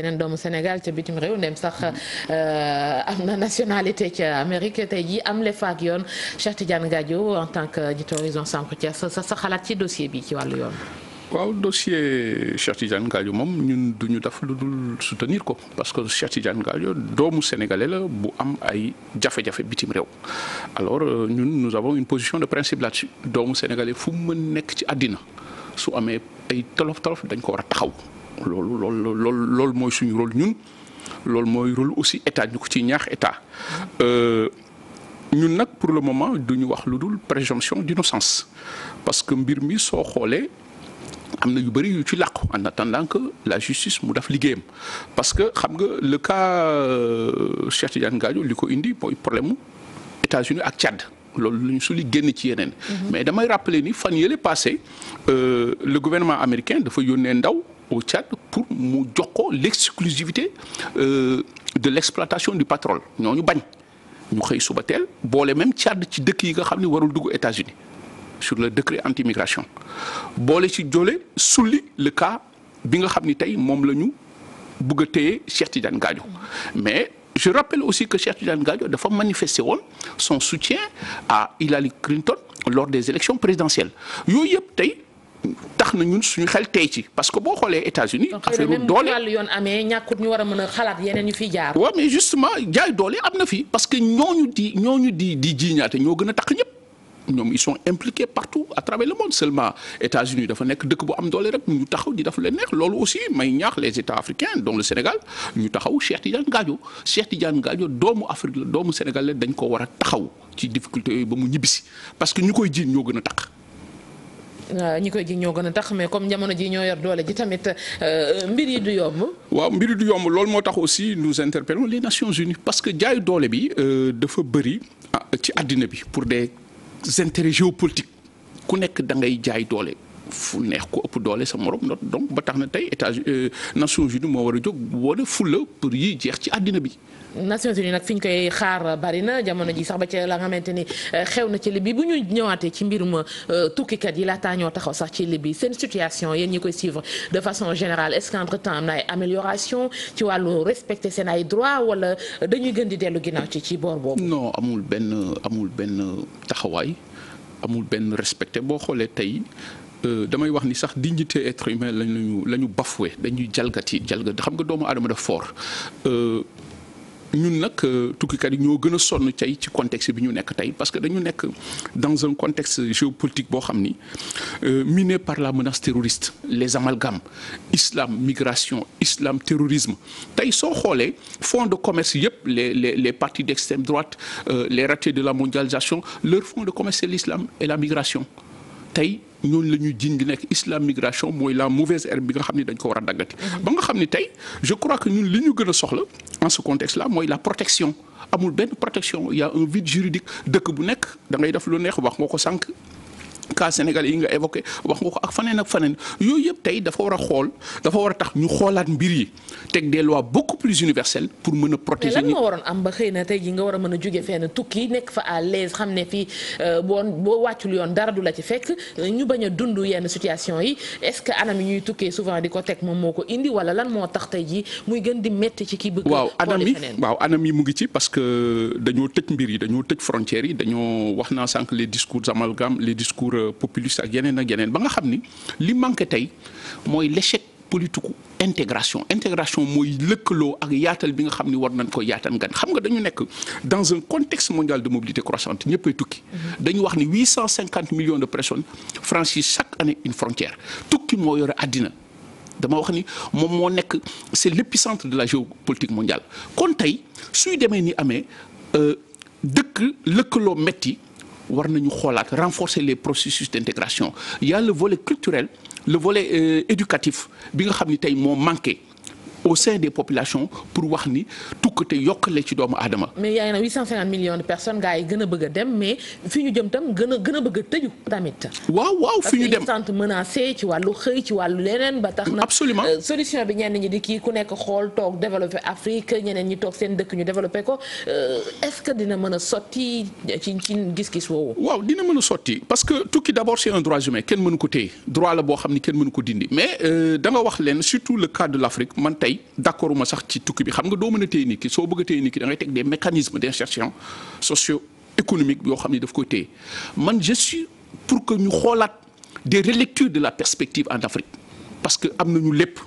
yeneen doomu Sénégal ca bitim réew ndem sax euh, am na nationalité ca Amérique tey jii am le faak yoon Cheikh Tidiane Gadio en tant que jiitu Horizon Sans Frontières sa sa xalaat ci dossier bi ci wàllu yoon. waaw dossier Cheikh Tidiane Gadio moom ñun du ñu def lu dul soutenir ko parce que Cheikh Tidiane Gadio doomu sénégalais la bu am ay jafe-jafe bitim réew alors euh, ñun nous avons une position de principe là-dessus doomu sénégalais fu mu mën nekk ci àddina su amee ay tolof tolof dañ ko war a taxaw. loolu loolu loolu mooy suñu rôle ñun loolu mooy rôle aussi état ñu ko ci ñaax état euh, ñun nag pour le moment du ñu wax lu dul présomption d'innocence parce que mbir mi soo xoolee am na yu bëri yu ci làqu en attendant que la justice mu def liggéeyam parce que xam nga le cas euh, Cheikh Tidiane Gadio li ko indi mooy problème mu États-Unis ak Tchad loolu lu ñu suli génn ci yeneen mhm. mais damay rappeler ni fan yële passé euh, le gouvernement américain dafa yónnee ndaw au Tchad pour mu jox ko l'exclusivité euh, de l'exploitation du ñoo ñu bañ ñu xëy suba teel boole même Tchad ci dëkk yi nga xam ne warul dugg États-Unis sur le décret anti boole ci joole sulli le cas bi nga xam ni tey moom la ñu bëgg a téye Cheikh Tidiane Gadio mais je rappelle aussi que Cheikh Tidiane Gadio dafa manifester woon son soutien a Hillary Clinton lors des élections présidentielles yooyu yëpp tey. tax na ñun suñu xel tey ci parce que boo xoolee États-Unis affaire doole wàllu yoon amee ñàkkut ñu war a mën a xalaat yeneen yu fiy jaar. waaw mais justement jaay doole am na fi parce que ñooñu di ñooñu di di jiiñaate ñoo gën a tax ñëpp. ñoom ils sont impliqués partout à travers le monde seulement États-Unis dafa nekk dëkk bu am doole rek ñu taxaw di daf leen neex loolu aussi may ñaax les états africains dont le Sénégal ñu taxaw Cheikh Tidiane Gadio Cheikh Tidiane Gadio doomu Afrique doomu Sénégal dañ ko a taxaw ci difficulté yooyu ba mu ñibbisi parce que ñu koy jiin ñoo gën a tax Euh, ñi koy ji ñoo gën a tax mais comme jamono ji ñoo yor doole ji tamit euh, mbir yi du yomb. waaw mbiri du yomb loolu moo tax aussi nous interpellons les Nations Unies parce que jaay doole bi euh, dafa bëri ah, ci àddina bi pour des intérêts géopolitiques ku nekk da ngay jaay doole. fu neex ko ëpp doole sa morom donc ba tax na tey états euh, Nations Unies moo war a jóg wala fulla pour yi jeex ci àddina bi. Nations Unies nag fi ñu koy xaar bari na jamono ji sax ba ci la nga xamante ni euh, xew na ci Libye bu ñu ñëwaatee ci mbirum euh, tukkikat yi la laataa ñoo taxaw sax ci Libye seen situation yéen ñi koy suivre de façon générale est-ce qu'entre-temps am na ay amélioration ci wàllu respecter seen ay droit wala dañuy gën di dellu ginnaaw ci ci boor boobu. non amul benn amul benn taxawaay amul benn respecté boo xoolee tey. Euh, damay wax ni sax dignité être humain lañu la ñu bafoué dañuy jalgati jalgati xam nga doomu aadama daf fort euh, ñun nag euh, tukkikat yi ñoo gën a sonn cay ci contexte bi ñu nekk tey parce que dañu nekk dans un contexte géopolitique boo xam ni miné par la menace terroriste les amalgames islam migration islam terrorisme tey soo xoolee fonds de commerce yëpp les les les partis d'extrême droite les ratés de la mondialisation leur fonds de commerce c'est l'islam et la migration tey ñooñu la ñuy jiiñ li nekk islam migration mooy la mauvaise herbe bi nga xam ne dañ ko war a daggati. Mhm. ba nga xam ni tey je crois que ñun li ñu gën a soxla en ce contexte là mooy la protection amul benn protection il y a un vide juridique dëkk bu nekk dangay def lu neex wax nga ko sànq. cas Sénégal yi nga évoqué wax nga ko ak faneen ak faneen yooyu yëpp tey dafa war a xool dafa war a tax ñu xoolaat mbir yi teg des lois beaucoup plus universelles pour mën a protéger. mais lan moo waroon am ba xëy na tey jii nga war a mën a jóge fenn tukki nekk fa à l'aise xam ne fii euh, boo wàccul yoon dara du la ci fekk ñu bañ a dund yenn situation yi est anam yi ñuy tukkee souvent di ko teg moom moo ko indi wala lan moo tax tey jii muy gën di métti ci kii bëgg. waaw anam yi waaw anam yi mu ngi discours euh, populiste ak yeneen ak yeneen ba nga xam ni li manqué tey mooy l'échec politique intégration intégration mooy lëkkaloo ak yaatal bi nga xam ni war nañ ko yaatal gan xam nga dañu nekk dans un contexte mondial de mobilité croissante ñëppay tukki. Mhm. dañu wax ni huit cent cinquante millions de personnes franchissent chaque année une frontière tukki moo yore àddina dama wax ni moom moo nekk c'est l'épicentre de la géopolitique mondiale kon tey suy demee ni amee euh, dëkk lëkkaloo metti war nañu xoolaat renforcer les processus d'intégration il y a le volet culturel le volet euh, éducatif bi nga xam ni tey moo manqué au sein des populations pour wax ni tukkate yokkale ci doomu adama mais yaay ngi naan 850 millions de personnes gars yi gën a bëgg a dem mais fi ñu jëm tam gën a bëgg a tëju tamit. waaw waaw fi ñu dem parce que menacé wàllu xëy ci wàllu leneen ba tax na. absolument euh, solution bi ñenn ñi di kii ku nekk xool toog développé Afrique ñeneen ñi toog seen dëkk ñu développé ko euh, est que dina mën a sotti ci ci gis-gis woowu. waaw dina mën sotti parce que tukki d'abord c'est un droit humain kenn mënu ko téye droit la boo xam ni kenn mënu mais euh, da nga wax leen surtout le tey d'accord ma sax ci tukki bi xam nga doo mën a téye nit ki soo bëgg a nit ki da teg des mécanismes d'insertion socio-économique yoo xam ne daf koy téye man je pour que ñu xoolaat des relectures de la perspective en Afrique parce que am ñu lépp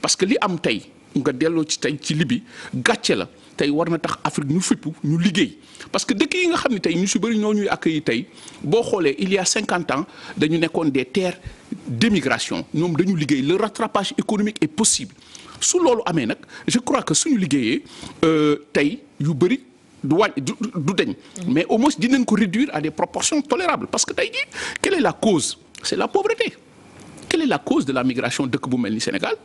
parce que li am tey nga delloo ci tey ci Libye gàcce la tey war na tax Afrique ñu fippu ñu liggéey parce que dëkk yi nga xam ne tey ñu si bëri ñoo ñuy accueilli tey boo xoolee il y a ans dañu nekkoon des terres d'émigration ñoom dañu liggéey le rattrapage su loolu amee nag je crois que suñu liggéeyee euh, tey yu bëri du wàññi du du dañ mais au mois dinañ ko réduire à des proportions tolérables parce que tey jii quelle est la cause c'est la pauvreté quelle est la cause de la migration dëkk bu mel ni Sénégal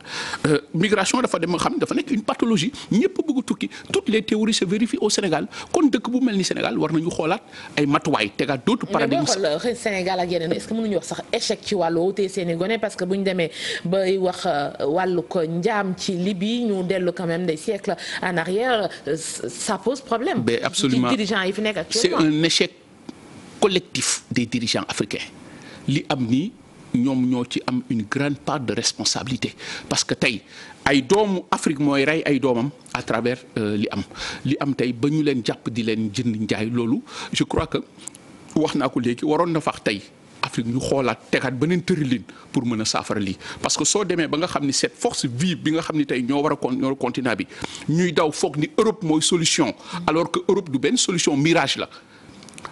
euh, migration dafa dem xam ne dafa nekk une pathologie ñëpp bëgg tukki toutes les théories se vérifient au Sénégal kon dëkk bu mel ni Sénégal war nañu xoolaat ay matuwaay tegaat d'autres paradigmes. mais xool euh, Sénégal ak yeneen est-ce que mënuñu wax sax échec ci wàllu woote seen parce que bu ñu demee bay wax euh, wàllu ko njaam ci Libye ñu dellu quand même des siècles en arrière ça pose problème. ci dirigeants yi fi nekk actuellement. c'est un échec collectif des dirigeants africains li ñoom ñoo ci am une grande part de responsabilité parce que tey ay doomu Afrique mooy rey ay doomam à travers euh, li am li am tey ba ñu leen jàpp di leen jënd njaay loolu je crois que wax naa ko léegi waroon na fax tey Afrique ñu xoolaat tegaat beneen tëralin pour mën a saafara lii parce que soo demee ba nga xam ni cette force vive bi nga xam ni tey ñoo war a con ñoo continent bi ñuy daw foog ni Europe mooy solution alors que Europe du benn solution mirage la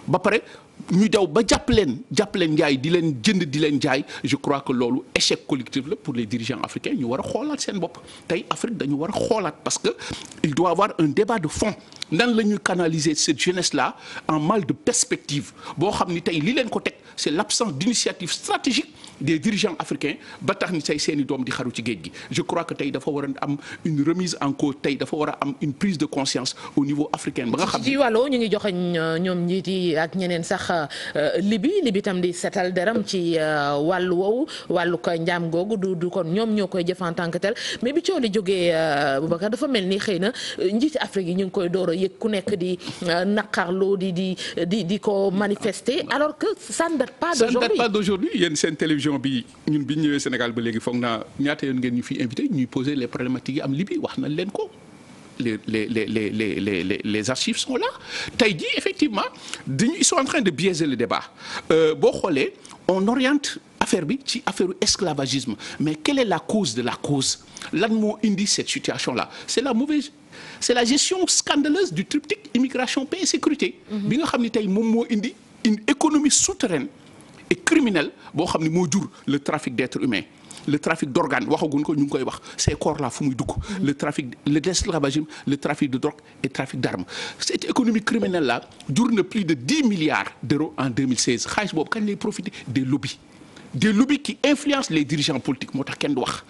ba pare ñu daw ba jàpp leen jàpp leen njaay di leen jënd di leen jaay je crois que loolu échec collectif la pour les dirigeants africains ñu war a xoolaat seen bopp tey Afrique dañu war a xoolaat parce que il doit avoir un débat de fond nan la ñuy canaliser cette jeunesse la en mal de perspective boo xam ni tey li leen ko teg c'est l'absence d'initiative stratégique des dirigeants africains ba tax ni tey seen i doom di xaru ci géej gi je crois que tey dafa war a am tey dafa war a am une prise de conscience au niveau africain ba nga xam ni ci wàllu ñu ngi joxe ñoom Libye euh, Libye tam di setal deram ci euh, wàllu wow wàllu ko njaam googu du du kon ñoom ñoo koy jëf en tant que tel mais bi coow li jógee euh, Boubacar dafa mel ni xëy na njiit Afrique yi ñu ngi koy door a yëg ku nekk di naqarloo di di di di ko manifester alors que ça ne date pas d'aujourd'hui. ça ne seen télévision bi ñun bi ñëwee Sénégal ba léegi foog naa ñaata yoon ngeen ñu fi invité ñuy poser les problématiques yi am Libye wax na leen ko. les les les les les les les archives sont là tey jii effectivement dañu ils sont en train de biaiser le débat euh, boo xoolee on oriente affaire bi ci affaire esclavagisme mais quelle est la cause de la cause lan moo indi cette situation là c'est la mauvaise c'est la gestion scandaleuse du triptyque immigration paix et sécurité. Mhm. bi nga xam ni tey moom moo indi une économie souterraine et criminelle boo xam ni moo jur le trafic d'êtres humains. le trafic d'organes waxaguñ ko ñu ngi koy wax ces corps là fu muy dugg le trafic le l'esclavagisme le trafic de drogue et trafic d'armes cette économie criminelle là jur na plus de dix milliards d'euros en 2016 xaalis boobu kañ lay profiter des lobbies des lobbies qui influencent les dirigeants politiques moo tax kenn du wax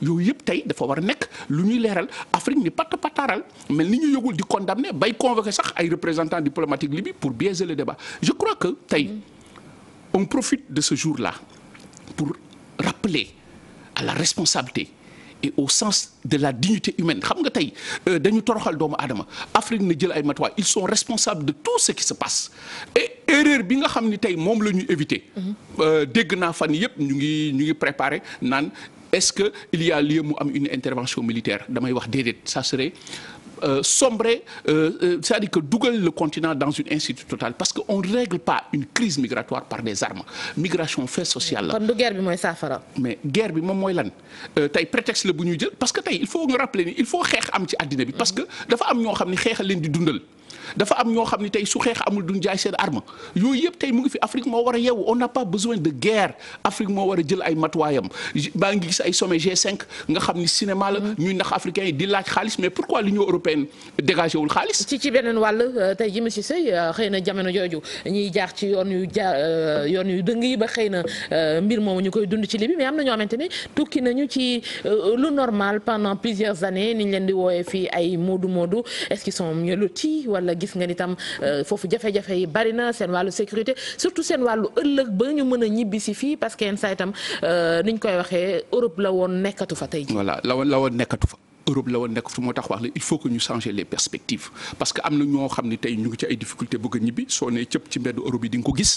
yooyu yëpp tey dafa war a nekk lu ñuy leeral Afrique ni patt pataaral mais ni ñu yëgul di condamner bay convoquer sax ay représentants diplomatiques libi pour biaiser le débat je crois que tey on profite de ce jour là pour rappeler à la responsabilité et au sens de la dignité humaine xam nga tey euh, dañu toroxal doomu aadama Afrique na jël ay matuwaay ils sont responsables de tout ce qui se passe et erreur bi nga xam ni tey moom la ñu éviter. Mhm. Euh, dégg naa fan yëpp ñu ngi ñu ngi préparer naan est-ce que il y a lieu mu am une intervention militaire damay wax déedéet ça serait euh, sombrer euh, euh, c'est-à-dire que dugal le continent dans une incertitude totale parce que on ne règle pas une crise migratoire par des armes migration fait sociale la. kon du guerre bi mooy saafara. mais guerre bi moom mooy lan euh, tey prétexte la bu ñuy jël parce que tey il faut ñu rappeler ni il faut xeex am ci àddina bi. parce que dafa am ñoo xam ni xeex leen di dundal. dafa am ñoo xam ne tey su xeex amul duñ jaay seen arme yooyu yëpp tey mu ngi fi Afrique moo war a yeewu on n'a pas besoin de guerre Afrique moo war a jël ay matuwaayam baa ngi gis ay sommet G5 nga xam ni cinéma la. Mm-hmm. ñuy ndax africains yi di laaj xaalis mais pourquoi l'Union européenne dégagé wul xaalis. ci ci beneen wàll euh, tey jii monsieur Seye euh, xëy na jamono jooju ñuy jaar ci yoon yu jaar euh, yoon yu dëng yi ba xëy na mbir moomu ñu koy dund ci Libye mais am na ñoo xamante ne tukki nañu ci lu normal pendant plusieurs années ni leen di woowee fii ay moodu moodu wala gis nga ni tam euh, foofu jafe-jafe yi bari na seen wàllu sécurité surtout seen wàllu ëllëg ba ñu mën a ñibbi fii parce que yenn saa itam euh, niñ koy waxee Europe la woon nekkatu fa tey ji. voilà la woon nekkatu fa. Europe la woon nekk fu moo tax wax la il faut que ñu changer les perspectives parce que am na ñoo xam ne tey ñu ngi ci ay difficulté bëgg ñibbi soo nee cëpp ci mbedd Europe yi di ko gis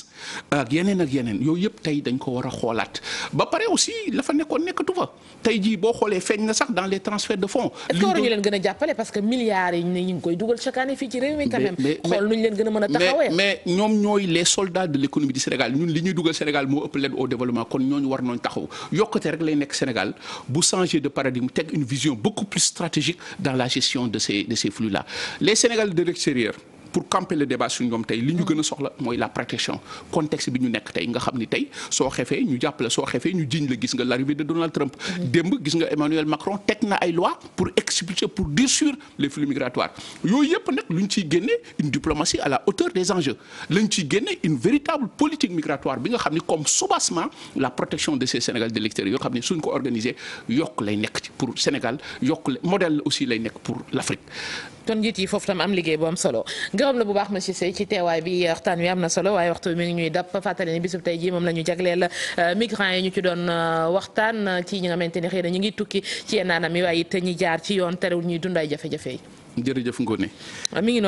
ak yeneen ak yeneen yooyu yëpp tey dañ ko war a xoolaat ba pare aussi la nekkoon nekkatu fa tey jii boo xoolee feeñ na sax dans les transferts de fonds. li ñu ñu leen gën a jàppale parce que milliards yi ñu ngi koy dugal chaque fii ci réew mi. quand mais ñoom ñooy stratégique dans la gestion de ces, de ces flux-là. Les Sénégalais de l'extérieur, pour camper le débat suñu ñoom tey li ñu gën a soxla mooy la protection contexte bi ñu nekk tey nga xam ni tey soo xefee ñu jàppale soo xefee ñu jiñ la gis nga l'arrivée de Donald Trump mm-hmm. démb gis nga Emmanuel Macron teg na ay loi pour expulser pour dissuader les flux migratoires yooyu yëpp nag ñu ciy génne une diplomatie à la hauteur des enjeux lañ ciy génne une véritable politique migratoire bi nga xam ni comme soubassement la protection de ces Sénégalais de l'extérieur suñ ko organiser yokk lay nekk ci pour Sénégal yokk modèle aussi lay nekk pour l'Afrique kon njiit yi foofu tam am liggéey bu am solo gërëm la bu baax monsieur Seye ci teewaay bi waxtaan wi am na solo waaye waxtu mi ngi ñuy dab fàttali ni bisub tey jii moom la ñu jagleel euh, migrants yi ñu ci doon euh, waxtaan ci ñi nga xamante ne xëy ñu ngi tukki ci yenn anam yi waaye it ñi jaar ci yoon terewul ñuy dund ay jafe-jafe yi. jërëjëf Ngoné.